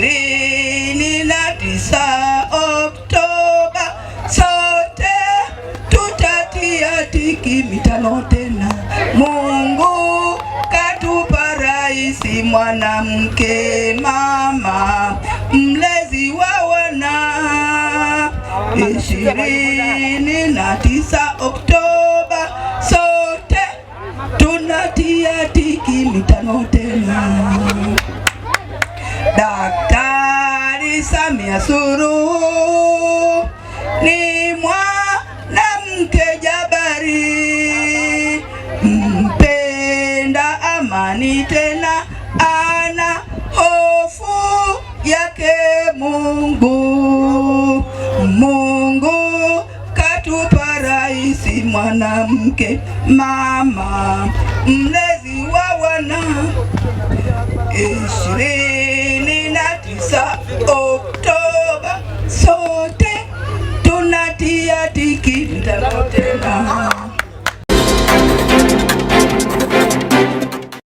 ishirini na tisa Oktoba sote tutatia tiki mitano tena. Mungu katupa raisi mwanamke, mama mlezi wa wana. ishirini na tisa Oktoba sote tunatia tiki mitano tena. Daktari Samia Suluhu ni mwanamke jabari, mpenda amani, tena ana hofu yake Mungu. Mungu katupa rais mwanamke, mama mlezi wa wana ishirini na tisa. Oh. devoté.